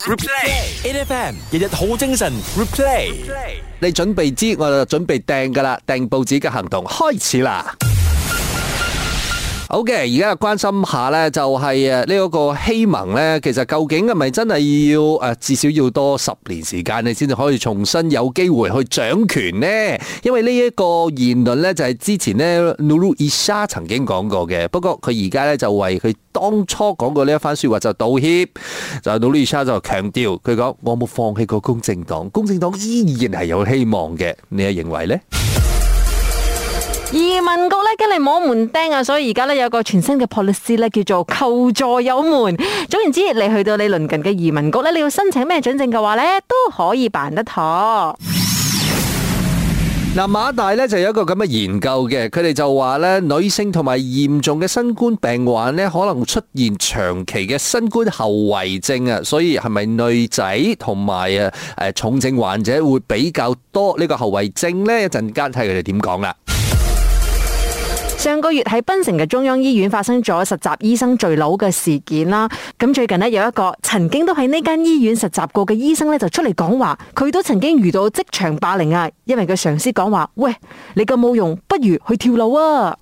Replay，A F M，日日好精神。Replay，你準備知我就準備訂噶啦，訂報紙嘅行動開始啦。Ok，而家關心下咧，就係誒呢一個希盟咧，其實究竟係咪真係要誒至少要多十年時間，你先至可以重新有機會去掌權呢？因為呢一個言論咧，就係之前咧努魯伊沙曾經講過嘅，不過佢而家咧就為佢當初講過呢一番說話就道歉，就努魯伊沙就強調，佢講我冇放棄過公正黨，公正黨依然係有希望嘅，你係認為呢？移民局咧，跟你摸門釘啊！所以而家咧有個全新嘅 policy 咧，叫做求助有門。總言之，你去到你鄰近嘅移民局咧，你要申請咩准證嘅話咧，都可以辦得妥。嗱，馬大咧就有一個咁嘅研究嘅，佢哋就話咧女性同埋嚴重嘅新冠病患咧，可能出現長期嘅新冠後遺症啊！所以係咪女仔同埋啊誒重症患者會比較多呢個後遺症咧？一陣間睇佢哋點講啦。上個月喺檳城嘅中央醫院發生咗實習醫生墜樓嘅事件啦。咁最近呢，有一個曾經都喺呢間醫院實習過嘅醫生咧就出嚟講話，佢都曾經遇到職場霸凌啊，因為佢上司講話：喂，你咁冇用，不如去跳樓啊！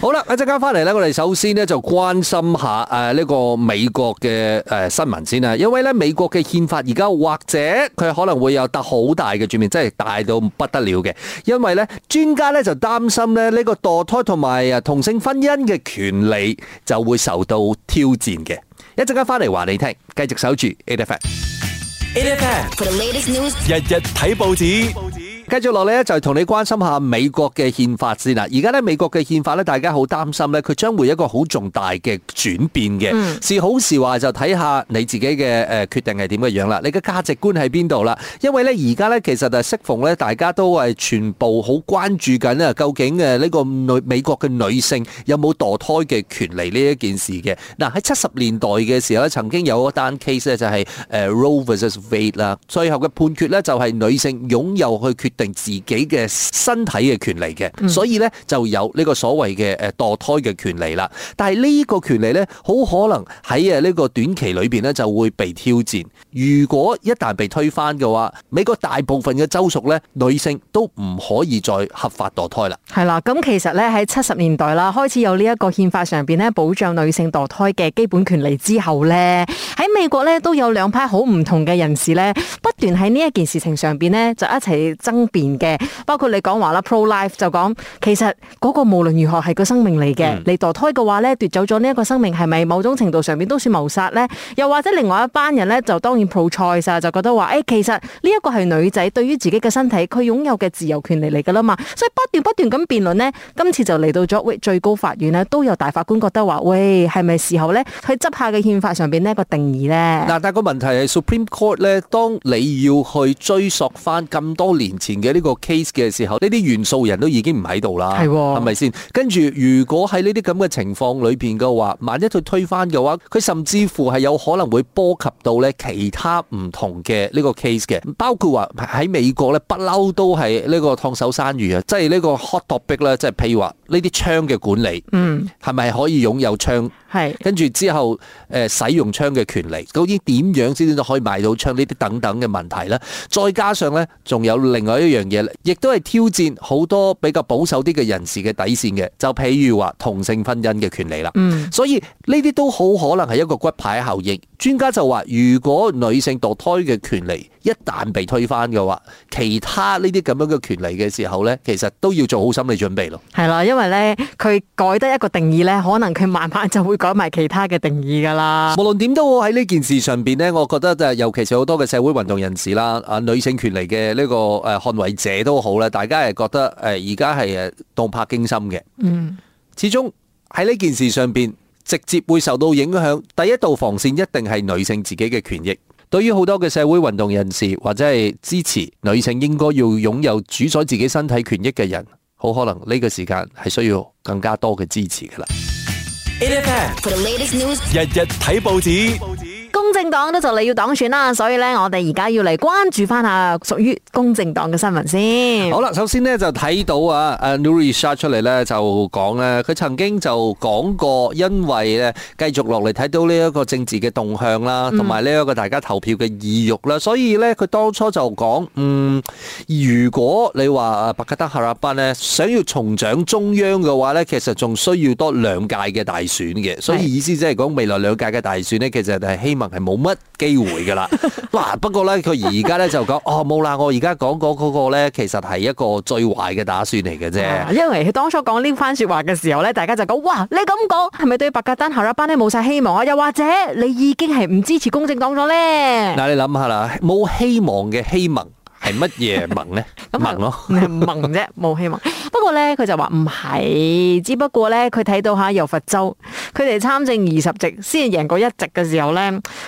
好啦，一陣間翻嚟咧，我哋首先咧就關心下誒呢個美國嘅誒新聞先啦，因為咧美國嘅憲法而家或者佢可能會有得好大嘅轉變，真係大到不得了嘅。因為咧專家咧就擔心咧呢個墮胎同埋啊同性婚姻嘅權利就會受到挑戰嘅。一陣間翻嚟話你聽，繼續守住 A definite，A definite，for the latest news，日日睇報紙。報紙繼續落嚟咧，就係同你關心下美國嘅憲法先啦。而家咧美國嘅憲法咧，大家好擔心咧，佢將會一個好重大嘅轉變嘅。是好是壞就睇下你自己嘅誒、呃、決定係點嘅樣啦。你嘅價值觀喺邊度啦？因為咧而家咧其實就適逢咧大家都係全部好關注緊究竟誒呢個女美國嘅女性有冇墮胎嘅權利呢一件事嘅。嗱，喺七十年代嘅時候咧，曾經有一單 case 咧就係誒 Roe versus Wade 啦。最後嘅判決咧就係女性擁有去決。定自己嘅身體嘅權利嘅，所以咧就有呢個所謂嘅誒墮胎嘅權利啦。但係呢個權利咧，好可能喺誒呢個短期裏面咧就會被挑戰。如果一旦被推翻嘅話，美國大部分嘅州屬咧女性都唔可以再合法墮胎啦。係啦，咁其實咧喺七十年代啦開始有呢一個憲法上面咧保障女性墮胎嘅基本權利之後咧，喺美國咧都有兩派好唔同嘅人士咧不斷喺呢一件事情上面咧就一齊爭。嘅包括你講話啦，pro-life 就講，其實嗰個無論如何係個生命嚟嘅，你墮胎嘅話咧奪走咗呢一個生命係咪某種程度上面都算謀殺咧？又或者另外一班人咧就當然 pro-choice 就覺得話，誒、欸、其實呢一個係女仔對於自己嘅身體佢擁有嘅自由權利嚟噶啦嘛，所以不斷不斷咁辯論呢，今次就嚟到咗喂最高法院呢，都有大法官覺得話，喂，係咪時候呢？去執下嘅憲法上邊呢一個定義呢？」嗱但個問題係 Supreme Court 咧，當你要去追溯翻咁多年前。嘅、這、呢個 case 嘅時候，呢啲元素人都已經唔喺度啦，係喎、哦，係咪先？跟住如果喺呢啲咁嘅情況裏面嘅話，萬一佢推翻嘅話，佢甚至乎係有可能會波及到咧其他唔同嘅呢個 case 嘅，包括話喺美國咧不嬲都係呢個燙手山芋啊，即係呢個 hot topic 啦，即係譬如話。呢啲槍嘅管理，嗯，係咪可以擁有槍？係跟住之後，誒、呃、使用槍嘅權利，究竟點樣先至可以買到槍？呢啲等等嘅問題咧，再加上咧，仲有另外一樣嘢，亦都係挑戰好多比較保守啲嘅人士嘅底線嘅。就譬如話同性婚姻嘅權利啦，嗯，所以呢啲都好可能係一個骨牌效應。專家就話，如果女性墮胎嘅權利一旦被推翻嘅話，其他呢啲咁樣嘅權利嘅時候咧，其實都要做好心理準備咯。係啦，因因為咧，佢改得一個定義咧，可能佢慢慢就會改埋其他嘅定義噶啦。無論點都好，喺呢件事上邊呢，我覺得就係，尤其是好多嘅社會運動人士啦，啊，女性權利嘅呢個誒捍衛者都好啦。大家係覺得誒，而家係誒動魄驚心嘅。嗯，始終喺呢件事上邊，直接會受到影響。第一道防線一定係女性自己嘅權益。對於好多嘅社會運動人士或者係支持女性應該要擁有主宰自己身體權益嘅人。好可能呢個時間係需要更加多嘅支持㗎喇。日日睇報紙。公正黨都就嚟要黨選啦，所以咧，我哋而家要嚟關注翻下屬於公正黨嘅新聞先。好啦，首先咧就睇到啊，誒，New Research 出嚟咧就講咧，佢曾經就講過，因為咧繼續落嚟睇到呢一個政治嘅動向啦，同埋呢一個大家投票嘅意欲啦，所以咧佢當初就講，嗯，如果你話啊，Pakatan Harapan 咧想要重掌中央嘅話咧，其實仲需要多兩屆嘅大選嘅，所以意思即係講未來兩屆嘅大選咧，其實係希望係。冇乜機會噶啦，嗱，不過呢，佢而家呢就講，哦冇啦，我而家講講嗰個呢，其實係一個最壞嘅打算嚟嘅啫，因為佢當初講呢番說話嘅時候呢，大家就講，哇，你咁講係咪對白格登下一班呢冇晒希望啊？又或者你已經係唔支持公正黨咗呢？啊」嗱，你諗下啦，冇希望嘅希望。係乜嘢盟呢？盟咯，盟啫，冇希望。不過呢，佢就話唔係，只不過呢，佢睇到吓由佛州佢哋參政二十席先係贏過一席嘅時候呢，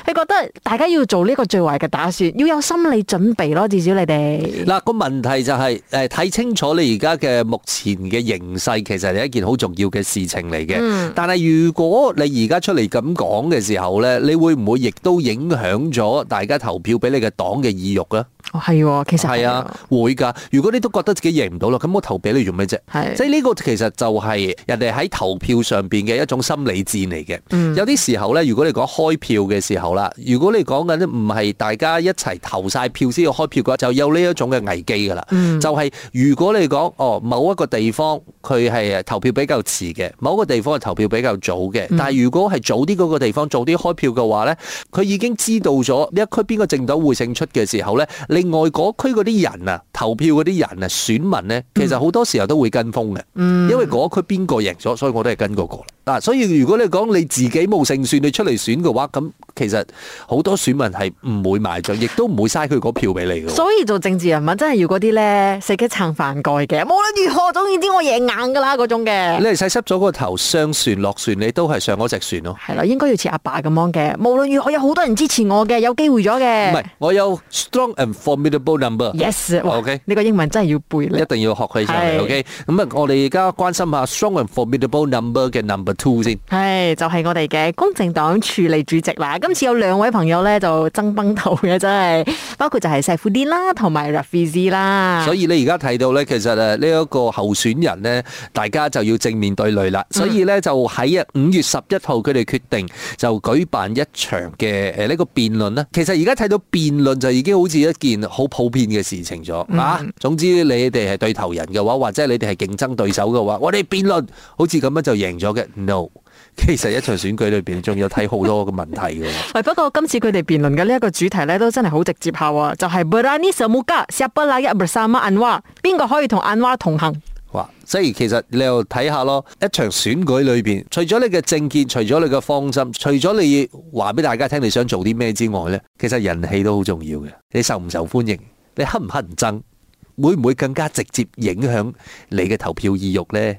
佢覺得大家要做呢個最壞嘅打算，要有心理準備咯。至少你哋嗱個問題就係誒睇清楚你而家嘅目前嘅形勢，其實係一件好重要嘅事情嚟嘅。但係如果你而家出嚟咁講嘅時候呢，你會唔會亦都影響咗大家投票俾你嘅黨嘅意欲呢？哦，係喎、哦，其實係、哦、啊，會噶。如果你都覺得自己贏唔到啦，咁我投俾你做咩啫？即係呢個其實就係人哋喺投票上邊嘅一種心理戰嚟嘅、嗯。有啲時候咧，如果你講開票嘅時候啦，如果你講緊唔係大家一齊投晒票先要開票嘅話，就有呢一種嘅危機噶啦。就係、是、如果你講哦，某一個地方佢係投票比較遲嘅，某個地方係投票比較早嘅，但係如果係早啲嗰個地方早啲開票嘅話咧，佢已經知道咗呢一區邊個政黨會勝出嘅時候咧，另外嗰區嗰啲人啊，投票嗰啲人啊，選民咧，其實好多時候都會跟風嘅，嗯，因為嗰區邊個贏咗，所以我都係跟嗰個。所以如果你講你自己冇勝算，你出嚟選嘅話，咁其實好多選民係唔會買帳，亦都唔會嘥佢嗰票俾你嘅。所以做政治人物真係要嗰啲咧，食一層飯蓋嘅。無論如何，總然之我贏硬㗎啦嗰種嘅。你係洗濕咗個頭，上船落船，你都係上嗰隻船咯。係啦，應該要似阿爸咁樣嘅。無論如何，我有好多人支持我嘅，有機會咗嘅。唔係，我有 strong and formidable number yes。Yes，OK、okay？呢個英文真係要背咧。一定要學起上嚟，OK？咁啊，我哋而家關心下 strong and formidable number 嘅 number。先、哎，係就係、是、我哋嘅公正黨署理主席啦。今次有兩位朋友咧就爭崩頭嘅，真係包括就係石富啲啦，同埋 Rafizi 啦。所以你而家睇到咧，其實誒呢一個候選人咧，大家就要正面對壘啦。所以咧就喺啊五月十一號，佢哋決定就舉辦一場嘅誒呢個辯論啦。其實而家睇到辯論就已經好似一件好普遍嘅事情咗總、啊、總之你哋係對頭人嘅話，或者你哋係競爭對手嘅話，我哋辯論好似咁樣就贏咗嘅。no，其實一場選舉裏邊仲有睇好多嘅問題嘅。喂， 不過今次佢哋辯論嘅呢一個主題咧，都真係好直接下。就係 Berani Semuka? Siapa Layak Bersama Anwar，邊個可以同 Anwar 同行？哇！所以其實你又睇下咯，一場選舉裏邊，除咗你嘅政見，除咗你嘅方針，除咗你話俾大家聽你想做啲咩之外咧，其實人氣都好重要嘅。你受唔受歡迎，你乞唔乞人憎，會唔會更加直接影響你嘅投票意欲咧？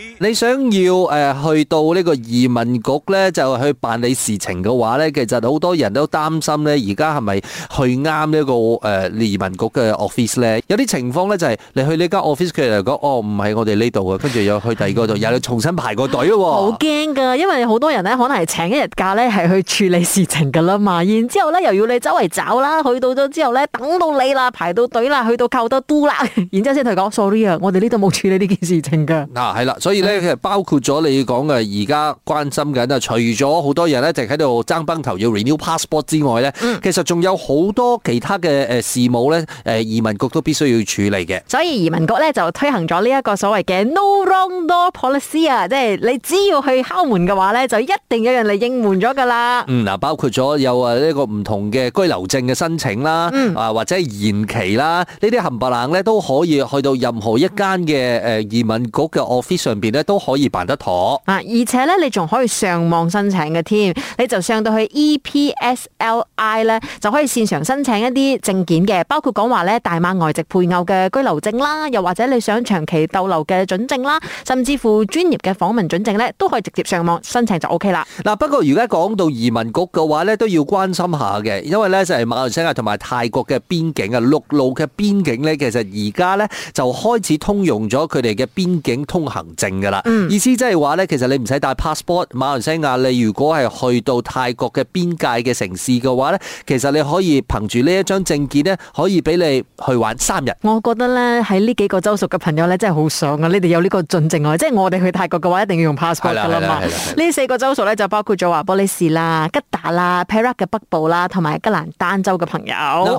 你想要誒、呃、去到呢個移民局咧，就去辦理事情嘅話咧，其實好多人都擔心咧，而家係咪去啱呢、這個誒、呃、移民局嘅 office 咧？有啲情況咧就係、是、你去呢間 office，佢哋嚟講，哦唔係我哋呢度嘅，跟住又去第二個度， 又要重新排個隊喎、啊。好驚噶，因為好多人咧可能係請一日假咧，係去處理事情噶啦嘛。然之後咧又要你周圍找啦，去到咗之後咧等到你啦，排到隊啦，去到靠得嘟啦，然之後先同你講 sorry 啊，我哋呢度冇處理呢件事情噶。嗱係啦，所以咧。 即係包括咗你講嘅而家關心緊啊！除咗好多人咧，就喺度爭崩頭要 renew passport 之外咧，嗯，其實仲有好多其他嘅誒事務咧，誒移民局都必須要處理嘅。所以移民局咧就推行咗呢一個所謂嘅 no wrong door policy 啊，即係你只要去敲門嘅話咧，就一定有人嚟應門咗㗎啦。嗯，嗱，包括咗有啊呢個唔同嘅居留證嘅申請啦，啊、嗯、或者延期啦，呢啲冚唪唥咧都可以去到任何一間嘅誒移民局嘅 office 上邊咧，都可以辦得妥啊！而且咧，你仲可以上網申請嘅添，你就上到去 E P S L I 咧，就可以線上申請一啲證件嘅，包括講話咧，大馬外籍配偶嘅居留證啦，又或者你想長期逗留嘅準證啦，甚至乎專業嘅訪問準證咧，都可以直接上網申請就 O K 啦。嗱，不過而家講到移民局嘅話咧，都要關心下嘅，因為咧就係馬來西亞同埋泰國嘅邊境啊，陸路嘅邊境咧，其實而家咧就開始通用咗佢哋嘅邊境通行證。嗯、意思即係話呢，其實你唔使帶 passport，馬來西亞你如果係去到泰國嘅邊界嘅城市嘅話呢，其實你可以憑住呢一張證件呢，可以俾你去玩三日。我覺得呢喺呢幾個州屬嘅朋友呢，真係好爽啊！你哋有呢個進程我，即係我哋去泰國嘅話，一定要用 passport 啦。呢四個州屬呢，就包括咗話波利士啦、吉達啦、Perak 嘅北部啦，同埋吉蘭丹州嘅朋友，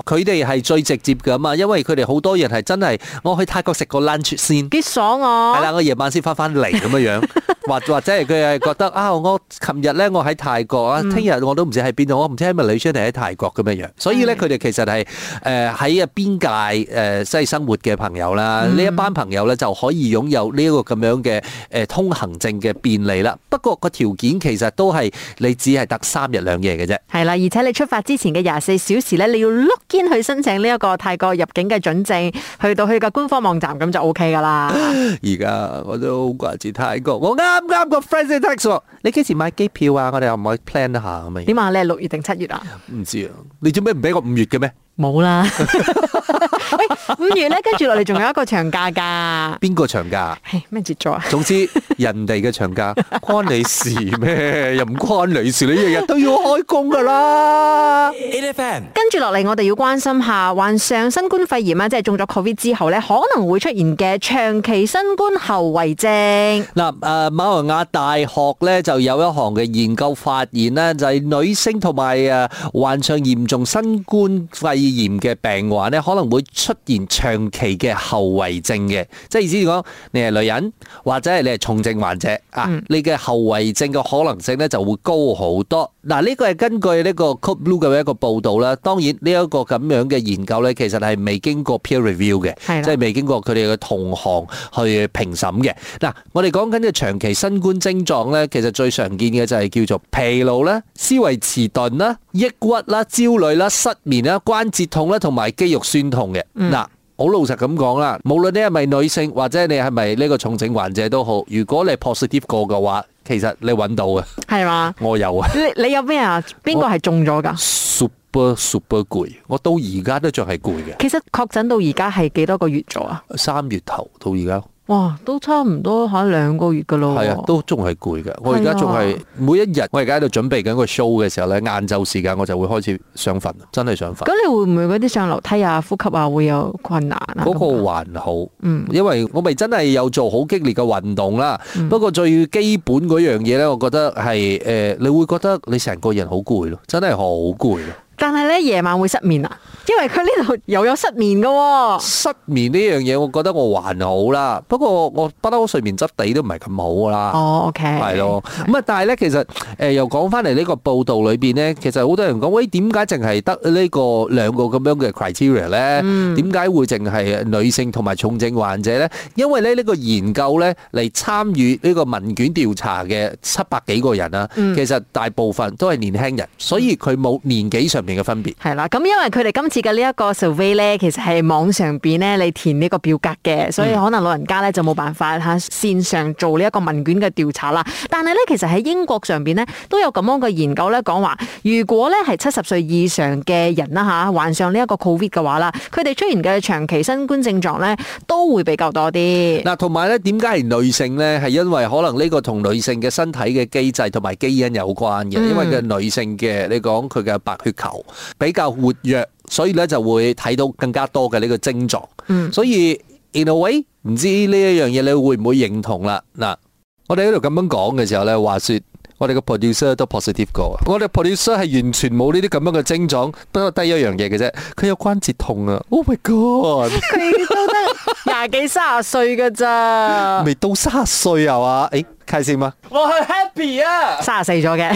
佢哋係最直接噶嘛，因為佢哋好多人係真係我去泰國食個 lunch 先，幾爽我、啊。係啦，我夜晚先返返。嚟咁樣樣，或或者係佢係覺得啊，我琴日咧我喺泰國啊，聽、嗯、日我都唔知喺邊度，我唔知係咪旅居定喺泰國咁樣樣。所以咧，佢哋其實係誒喺啊邊界誒西生活嘅朋友啦，呢、嗯、一班朋友咧就可以擁有呢一個咁樣嘅誒通行證嘅便利啦。不過個條件其實都係你只係得三日兩夜嘅啫。係啦，而且你出發之前嘅廿四小時咧，你要 log in 去申請呢一個泰國入境嘅准證，去到去個官方網站咁就 O K 噶啦。而家我都。話住泰國，我啱啱個 friend text 喎，你幾時買機票啊？我哋又唔可以 plan 一下咁樣。點啊？你係六月定七月啊？唔知啊，你做咩唔俾我五月嘅咩？冇啦。五月咧，跟住落嚟仲有一個長假㗎。邊個長假？係咩節咗啊？總之人哋嘅長假關你事咩？又唔關你事，你日日都要開工㗎啦。跟住落嚟，我哋要關心下患上新冠肺炎咧，即係中咗 Covid 之後咧，可能會出現嘅長期新冠後遺症。嗱，誒馬來亞大學咧就有一項嘅研究發現咧，就係女性同埋誒患上嚴重新冠肺炎嘅病患咧，可能會出現長期嘅後遺症嘅，即係意思講，你係女人或者係你係重症患者啊，你嘅後遺症嘅可能性咧就會高好多。嗱，呢個係根據呢個《Code Blue》嘅一個報導啦。當然，呢一個咁樣嘅研究咧，其實係未經過 peer review 嘅，即係未經過佢哋嘅同行去評審嘅。嗱，我哋講緊嘅長期新冠症狀咧，其實最常見嘅就係叫做疲勞啦、思維遲鈍啦、抑鬱啦、焦慮啦、失眠啦、關節痛啦，同埋肌肉痠痛嘅。嗱，好老實咁講啦，無論你係咪女性或者你係咪呢個重症患者都好，如果你係 positive 過嘅話。其實你揾到啊？係嘛？我有啊！你你有咩啊？邊個係中咗㗎？Super super 攰！我到而家都仲係攰嘅。其實確診到而家係幾多個月咗啊？三月頭到而家。都差唔多喺兩個月噶咯，係啊，都仲係攰嘅。我而家仲係每一日，我而家喺度準備緊個 show 嘅時候咧，晏晝時間我就會開始想瞓。真係想瞓？咁你會唔會嗰啲上樓梯啊、呼吸啊會有困難啊？嗰、那個還好，嗯，因為我咪真係有做好激烈嘅運動啦、啊嗯。不過最基本嗰樣嘢咧，我覺得係誒、呃，你會覺得你成個人好攰咯，真係好攰。但係咧，夜晚會失眠啊，因為佢呢度又有失眠噶、哦。失眠呢樣嘢，我覺得我還好啦，不過我不嬲睡眠質地都唔係咁好啦。哦、oh，OK，係咯。咁啊，但係咧，其實誒、呃、又講翻嚟呢個報道裏邊咧，其實好多人講喂，點解淨係得呢個兩個咁樣嘅 criteria 咧？嗯、點解會淨係女性同埋重症患者咧？因為咧呢個研究咧嚟參與呢個問卷調查嘅七百幾個人啊，其實大部分都係年輕人，所以佢冇年紀上面嘅分別係啦，咁因為佢哋今次嘅呢一個 survey 咧，其實係網上面咧，你填呢個表格嘅，所以可能老人家咧就冇辦法嚇線上做呢一個問卷嘅調查啦。但係咧，其實喺英國上面咧都有咁樣嘅研究咧，講話如果咧係七十歲以上嘅人啦嚇患上呢一個 covid 嘅話啦，佢哋出現嘅長期新冠症狀咧都會比較多啲。嗱，同埋咧點解係女性咧？係因為可能呢個同女性嘅身體嘅機制同埋基因有關嘅，因為佢女性嘅你講佢嘅白血球。流，比較活躍，所以呢就會睇到更加多嘅呢個症狀。嗯、所以 mm. in a way，唔知呢一樣嘢你會唔會認同啦？嗱，我哋喺度咁樣講嘅時候呢，話説，我哋個 producer 都 positive 過啊。我哋 producer 係完全冇呢啲咁樣嘅症狀，不過第一樣嘢嘅啫，佢有關節痛啊！Oh my god！佢都得廿幾卅歲㗎咋？未到卅歲啊？嘛？誒，開心嗎？我去 happy 啊！卅四咗嘅。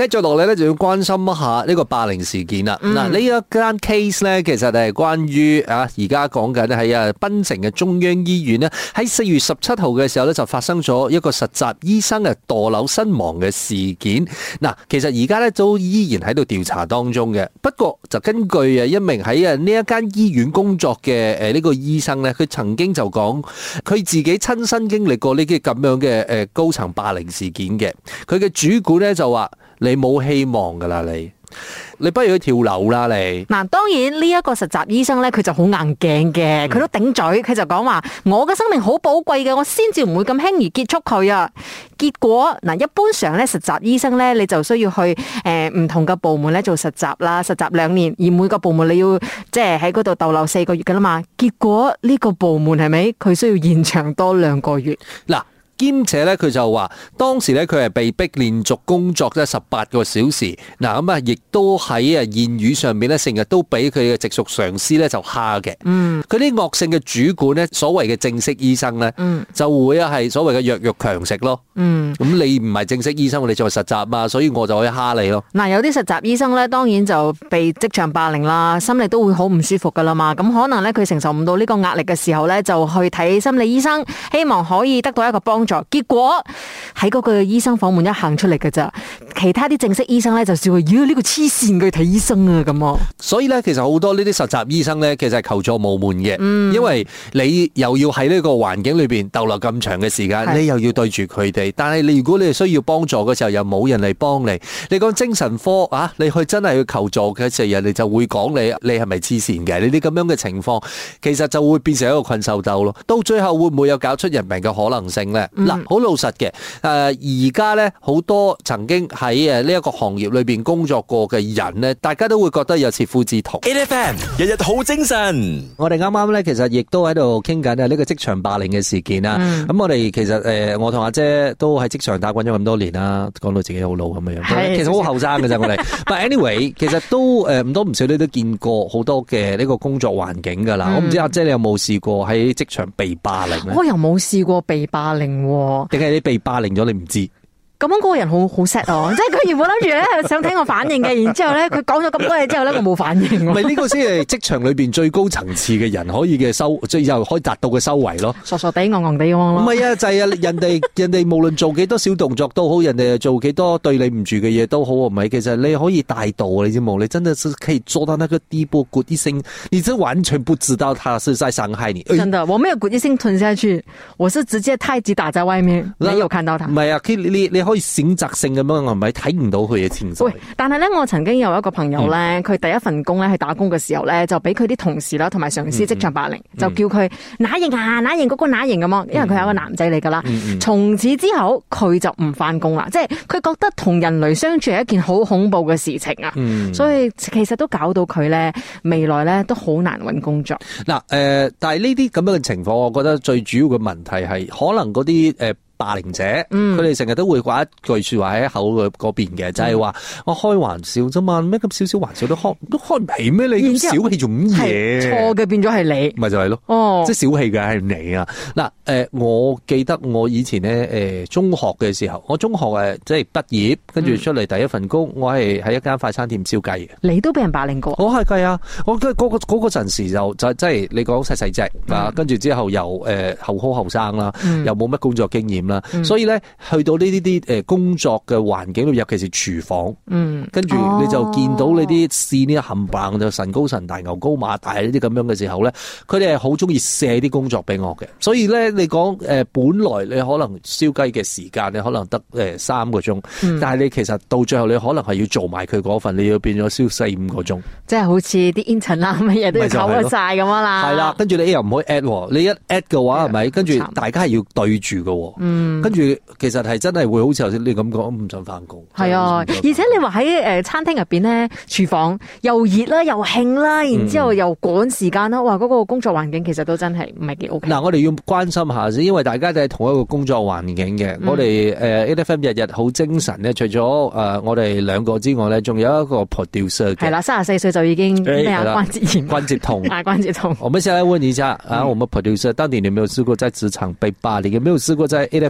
跟住落嚟咧，就要關心一下呢個霸凌事件啦。嗱、嗯，呢一間 case 咧，其實係關於啊，而家講緊喺啊，檳城嘅中央醫院咧，喺四月十七號嘅時候咧，就發生咗一個實習醫生誒墮樓身亡嘅事件。嗱，其實而家咧都依然喺度調查當中嘅。不過就根據啊一名喺啊呢一間醫院工作嘅誒呢個醫生咧，佢曾經就講佢自己親身經歷過呢啲咁樣嘅誒高層霸凌事件嘅。佢嘅主管咧就話。你冇希望噶啦，你你不如去跳樓啦！你嗱，當然呢一個實習醫生咧，佢就好硬頸嘅，佢都頂嘴，佢就講話我嘅生命好寶貴嘅，我先至唔會咁輕易結束佢啊！結果嗱，一般上咧，實習醫生咧，你就需要去誒唔同嘅部門咧做實習啦，實習兩年，而每個部門你要即係喺嗰度逗留四個月噶啦嘛，結果呢個部門係咪佢需要延長多兩個月嗱？兼且咧，佢就話當時咧，佢係被逼連續工作咧十八個小時。嗱咁啊，亦都喺啊言語上面咧，成日都俾佢嘅直屬上司咧就蝦嘅。嗯，佢啲惡性嘅主管咧，所謂嘅正式醫生咧，嗯，就會啊係所謂嘅弱肉強食咯。嗯，咁你唔係正式醫生，我哋做實習嘛，所以我就可以蝦你咯。嗱，有啲實習醫生咧，當然就被職場霸凌啦，心理都會好唔舒服噶啦嘛。咁可能咧佢承受唔到呢個壓力嘅時候咧，就去睇心理醫生，希望可以得到一個幫助。結果喺嗰個醫生房門一行出嚟嘅咋，其他啲正式醫生咧就笑佢：妖，呢個黐線嘅睇醫生啊咁啊！所以咧，其實好多呢啲實習醫生咧，其實係求助無門嘅，嗯。因為你又要喺呢個環境裏邊逗留咁長嘅時間，你又要對住佢哋，但係你如果你需要幫助嘅時候又冇人嚟幫你。你講精神科啊，你去真係去求助嘅時候，人哋就會講你，你係咪黐線嘅？你啲咁樣嘅情況，其實就會變成一個困獸鬥咯。到最後會唔會有搞出人命嘅可能性呢？嗱、嗯，好老實嘅，誒而家咧好多曾經喺呢一個行業裏面工作過嘅人咧，大家都會覺得有切膚之痛。A F M，日日好精神。我哋啱啱咧其實亦都喺度傾緊啊呢個職場霸凌嘅事件啦咁、嗯嗯、我哋其實誒、呃，我同阿姐都喺職場打滾咗咁多年啦，講到自己好老咁樣。其實好後生㗎啫，我哋。But anyway，其實都唔、呃、多唔少，你都見過好多嘅呢個工作環境㗎啦、嗯。我唔知阿姐你有冇試過喺職場被霸凌？我又冇試過被霸凌。定係你被霸凌咗，你唔知？咁樣嗰個人好好 set 我，即係佢原本諗住咧想聽我反應嘅， 然後呢之後咧佢講咗咁多嘢之後咧， 我冇反應、啊。唔係呢個先係職場裏邊最高層次嘅人可以嘅收，即係又可以達到嘅收為咯。傻傻地戇戇地咁咯。唔係啊，就係、是、啊， 人哋人哋無論做幾多少小動作都好，人哋做幾多對你唔住嘅嘢都好，唔係其實你可以大度，你知冇？你真係可以做到那個底部，你完全不知道他是在傷害你。真我有吞下去，我是直接太極打在外面，有看到他。唔係啊，可以選擇性咁樣，係咪睇唔到佢嘅潛在？但係咧，我曾經有一個朋友咧，佢、嗯、第一份工咧係打工嘅時候咧，就俾佢啲同事啦，同埋上司職場霸凌，嗯、就叫佢乸、嗯、型啊，乸型嗰個乸型咁、啊、樣。因為佢係一個男仔嚟噶啦，從、嗯、此之後佢就唔翻工啦，即係佢覺得同人類相處係一件好恐怖嘅事情啊、嗯。所以其實都搞到佢咧未來咧都好難搵工作。嗱、呃，誒、呃，但係呢啲咁樣嘅情況，我覺得最主要嘅問題係可能嗰啲誒。呃霸凌者，佢哋成日都會掛一句話在說話喺口嘅嗰邊嘅，就係話我開玩笑啫嘛，咩咁少少玩笑都開都開唔起咩？你咁小氣做乜嘢？錯嘅變咗係你，咪就係、是、咯，即、哦、係、就是、小氣嘅係你啊！嗱，誒，我記得我以前咧，誒，中學嘅時候，我中學誒，即係畢業，跟住出嚟第一份工，我係喺一間快餐店招雞嘅。你都俾人霸凌過？我係計、那個那個嗯、啊！我嗰個嗰個陣時就就即係你講細細隻啊，跟住之後又誒、呃、後好後生啦，又冇乜工作經驗。所以咧，去到呢啲啲工作嘅環境裏，尤其是廚房，嗯哦、跟住你就見到你啲線呢冚棒就神高神大、牛高馬大呢啲咁樣嘅時候咧，佢哋係好中意卸啲工作俾我嘅。所以咧，你講本來你可能燒雞嘅時間，你可能得三個鐘、嗯，但係你其實到最後你可能係要做埋佢嗰份，你要變咗燒四五個鐘，即係好似啲 intern 乜嘢都炒晒咁樣啦，係、就、啦、是，跟住你又唔可以 at 你一 at 嘅話係咪、嗯？跟住大家係要對住喎。嗯嗯、跟住其實係真係會好似頭先你咁講，唔想翻工。係、啊、而且你話喺餐廳入面呢，廚房又熱啦，又興啦，然之後又趕時間啦、嗯，哇！嗰、那個工作環境其實都真係唔係幾 O K。嗱、啊，我哋要關心下先，因為大家都係同一個工作環境嘅、嗯。我哋誒、呃、A F M 日日好精神咧，除咗、呃、我哋兩個之外呢，仲有一個 producer。係啦，三十四歲就已經咩啊、哎、關節炎、關節痛、 關節痛。 我哋先嚟問一下，我哋 producer，到、嗯、年你有冇試過在職場被霸凌？有冇試過在 A F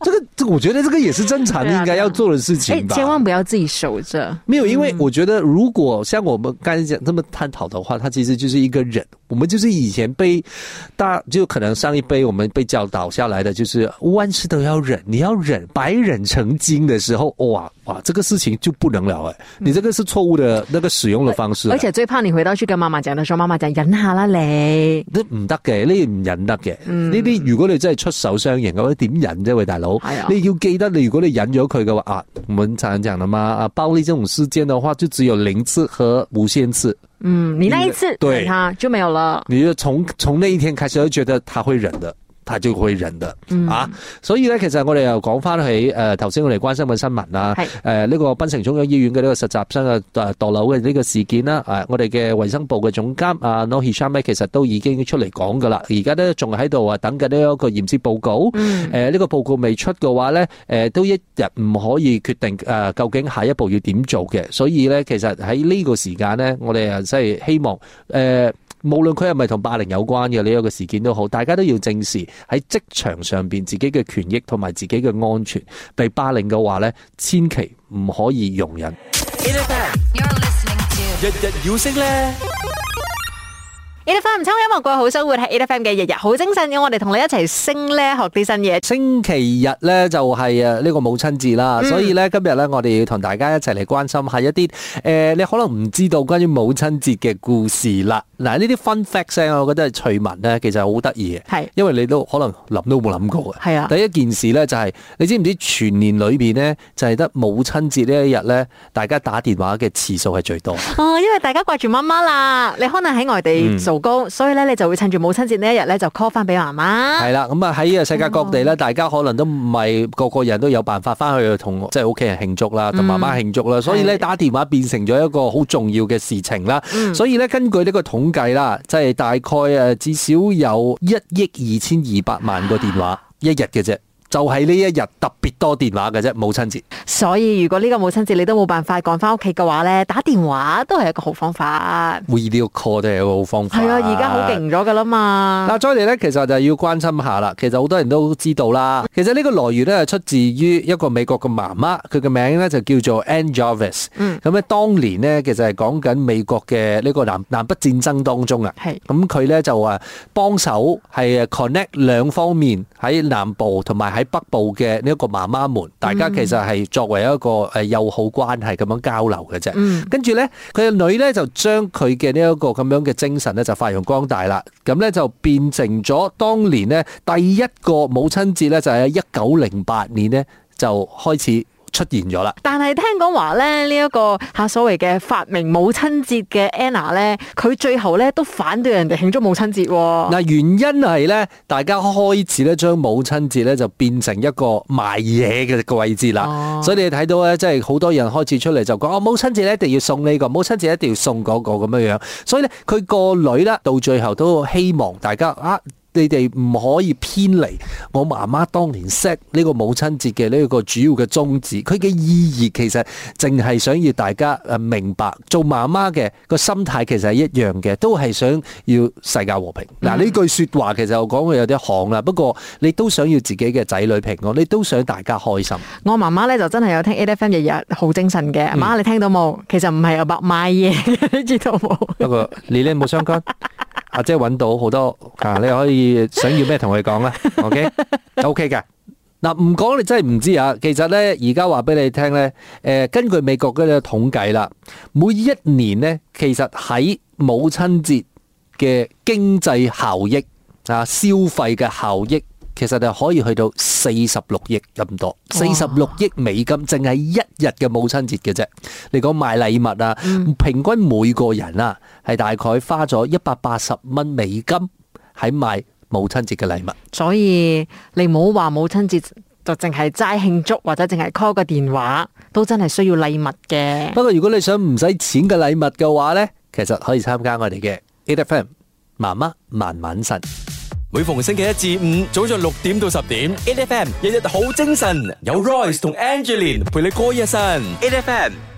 這個，這我覺得這個也是正常，應該要做的事情、啊、千萬不要自己守着。嗯、沒有，因為我覺得，如果像我們剛才講這麼探討的話，他其實就是一個忍。我們就是以前被大，就可能上一輩我們被教導下來的，就是萬事都要忍，你要忍，百忍成精的時候，哇哇，這個事情就不能了哎！你這個是錯誤的、嗯、那個使用的方式。而且最怕你回到去跟媽媽講的時候，媽媽講忍下啦，你那唔得嘅，呢唔忍得嘅。嗯。你啲如果你真係出手相迎嘅話，點忍這位大佬。哎呀，你要記得，如果你忍咗佢嘅話，我們常常講的嘛，啊，暴力這種事件的話，就只有零次和無限次。嗯，你那一次對給他就沒有了。你就從從那一天開始就覺得他會忍的。太在乎人啦，啊！所以咧，其實我哋又講翻起誒，頭先我哋關心嘅新聞啦，係誒呢個檳城中央醫院嘅呢個實習生嘅誒墮樓嘅呢個事件啦，誒，我哋嘅衛生部嘅總監阿 Noor Hisham 咧，其實都已經出嚟講噶啦，而家咧仲喺度啊，等緊呢一個驗屍報告。嗯。誒，呢個報告未出嘅話咧，誒，都一日唔可以決定誒，究竟下一步要點做嘅。所以咧，其實喺呢個時間咧，我哋啊真係希望誒。無論佢係咪同霸凌有關嘅，呢一個事件都好，大家都要正視喺職場上邊自己嘅權益同埋自己嘅安全。被霸凌嘅話咧，千祈唔可以容忍。Japan, to... 日日要升咧。A F M 音樂過好生活係 A F M 嘅日日好精神嘅。我哋同你一齊升咧，學啲新嘢。星期日咧就係啊呢個母親節啦，所以咧今日咧我哋要同大家一齊嚟關心一下一啲誒、呃，你可能唔知道關於母親節嘅故事啦。嗱，呢啲 fun fact 我覺得係趣聞咧，其實好得意嘅。係，因為你都可能諗都冇諗過嘅。係啊。第一件事咧就係、是、你知唔知道全年裏邊咧就係得母親節呢一日咧，大家打電話嘅次數係最多。哦，因為大家掛住媽媽啦，你可能喺外地、嗯。做工，所以咧你就會趁住母親節呢一日咧就 call 翻俾媽媽。係啦，咁啊喺世界各地咧，大家可能都唔係個個人都有辦法翻去同即係屋企人慶祝啦，同媽媽慶祝啦，所以咧打電話變成咗一個好重要嘅事情啦。所以咧根據呢個統計啦，即係大概誒至少有一億二千二百萬個電話一日嘅啫。就係、是、呢一日特別多電話嘅啫，母親節，所以如果呢個母親節你都冇辦法趕返屋企嘅話咧，打電話都係一個好方法。Video call 都係一個好方法。係啊，而家好勁咗噶啦嘛。嗱、啊，再嚟咧，其實就要關心下啦。其實好多人都知道啦。其實呢個來源咧係出自於一個美國嘅媽媽，佢嘅名咧就叫做 Anne Jarvis。嗯。咁咧，當年咧其實係講緊美國嘅呢個南南北戰爭當中啊。係咁佢咧就話幫手係 connect 兩方面喺南部同埋喺喺北部嘅呢一個媽媽們，大家其實係作為一個誒友好關係咁樣交流嘅啫。嗯。跟住咧，佢嘅女咧就將佢嘅呢一個咁樣嘅精神咧就發揚光大啦。咁咧就變成咗當年咧第一個母親節咧就係喺一九零八年咧就開始。出現咗啦，但係聽講話咧，呢一個吓所謂嘅發明母親節嘅 Anna 咧，佢最後咧都反對人哋慶祝母親節喎。嗱，原因係咧，大家開始咧將母親節咧就變成一個賣嘢嘅個節日啦，所以你睇到咧，即係好多人開始出嚟就講，我母親節咧一定要送呢個，母親節一定要送嗰個咁樣樣，所以咧佢個女啦，到最後都希望大家啊。你哋唔可以偏離我媽媽當年 set 呢個母親節嘅呢個主要嘅宗旨，佢嘅意義其實淨係想要大家誒明白做媽媽嘅個心態其實係一樣嘅，都係想要世界和平。嗱、嗯、呢句說話其實我講佢有啲行啦，不過你都想要自己嘅仔女平安，你都想大家開心。我媽媽呢就真係有聽 a f m 日日好精神嘅，媽媽，你聽到冇，嗯？其實唔係有白賣嘢，你知道冇？不、那、過、個、你呢冇相關。 即係揾到好多啊！你可以想要咩同佢講啦，OK？OK 嘅嗱，唔講你真係唔知啊！其實咧，而家話俾你聽咧，誒、呃，根據美國嘅統計啦，每一年咧，其實喺母親節嘅經濟效益啊，消費嘅效益。其實就可以去到四十六億咁多，四十六億美金，淨係一日嘅母親節嘅啫。你講買禮物啊、嗯，平均每個人啦、啊，係大概花咗一百八十蚊美金喺買母親節嘅禮物。所以你冇話母親節就淨係齋慶祝或者淨係 call 個電話，都真係需要禮物嘅。不過如果你想唔使錢嘅禮物嘅話呢，其實可以參加我哋嘅 a f m 媽媽萬萬神。每逢星期一至五，早上六點到十點 d F M 日日好精神，有 Royce 同 Angelin 陪你歌一身 d F M。FM